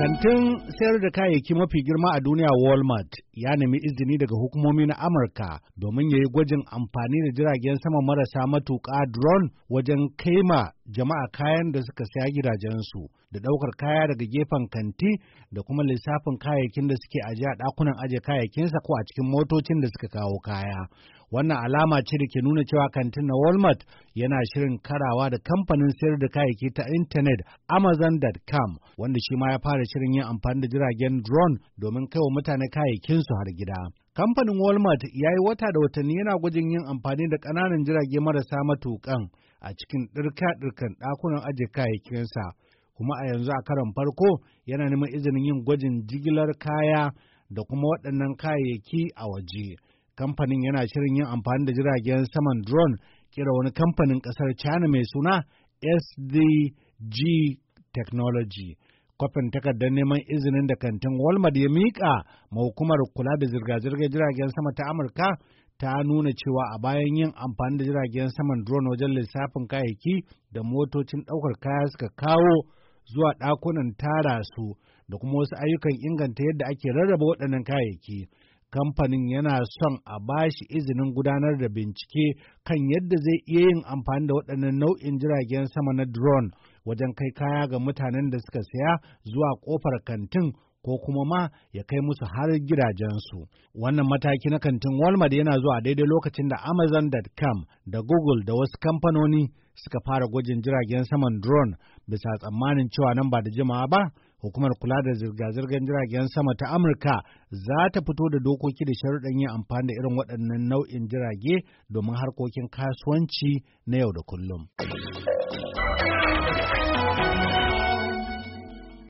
Kantin sayar da kayayyaki mafi girma a duniya Walmart ya nemi izini daga hukumomi na Amurka domin ya yi gwajin amfani da jiragen sama marasa matuƙa drone wajen kaima jama'a kayan da suka saya gidajensu da ɗaukar kaya daga gefen kanti da kuma lissafin kayayyakin da suke ajiye a ɗakunan ajiye kayayyakinsa ko a cikin motocin da suka kawo kaya. Wannan alama ce da ke nuna cewa kantin na Walmart yana shirin karawa da kamfanin sayar da kayayyaki ta intanet Amazon.com wanda shi ma ya fara shirin yin amfani da jiragen drone domin kaiwa mutane kayayyakinsu har gida. Kamfanin Walmart ya yi wata da watanni yana gwajin yin amfani da ƙananan jirage marasa matuƙan a cikin ɗirka-ɗirkan ɗakunan ajiye kayayyakinsa. kuma a yanzu a karon farko yana neman izinin yin gwajin jigilar kaya da kuma waɗannan kayayyaki a waje. kamfanin yana shirin yin amfani da jiragen saman drone kira wani kamfanin ƙasar China mai suna SDG Technology. Kwafin takardar neman izinin da kantin Walmart ya miƙa ma hukumar kula da zirga-zirgar jiragen sama ta Amurka ta nuna cewa a bayan yin amfani da jiragen saman drone wajen lissafin kayayyaki da motocin ɗaukar kaya suka kawo zuwa ɗakunan tara su da kuma wasu ayyukan inganta yadda ake rarraba waɗannan kayayyaki. kamfanin yana son a ba shi izinin gudanar da bincike kan yadda zai iya yin amfani da waɗannan nau'in jiragen sama na drone wajen kai kaya ga mutanen da suka saya zuwa ƙofar kantin ko kuma ma ya kai musu har gidajensu. Wannan mataki na kantin Walmart yana zuwa daidai lokacin da Amazon.com da Google da wasu kamfanoni suka fara gwajin jiragen saman drone bisa tsammanin cewa nan ba da jimawa ba hukumar kula da zirga-zirgar jiragen sama ta Amurka za ta fito da dokoki da sharuɗan yin amfani da irin waɗannan nau'in jirage domin harkokin kasuwanci na yau da kullum.